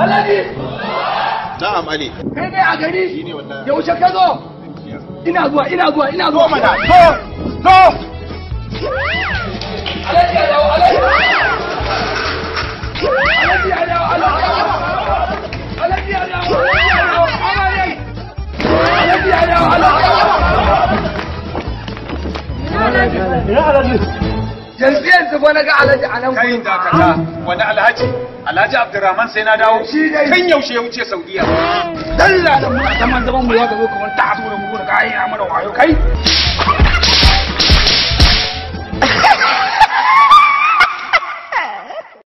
Alhaji! Na'am Ali. Kai ne a gari? Yaushe ka zo? Ina zuwa, ina zuwa, ina zuwa. Zo mana, zo, zo! Alhaji ya dawo, Alhaji! Alhaji ya dawo, Alhaji ya dawo! Alhaji ya dawo, Alhaji! Alhaji ya dawo, Alhaji! Ina Alhaji! yanzu yanzu ba na ga alhaji a nan kai dakata wani alhaji alhaji abdurrahman sai na dawo kan yaushe ya wuce saudiya dalla da mu a zaman zaman mu ya gaba kamar ta zo da mu da kai ya mana wayo kai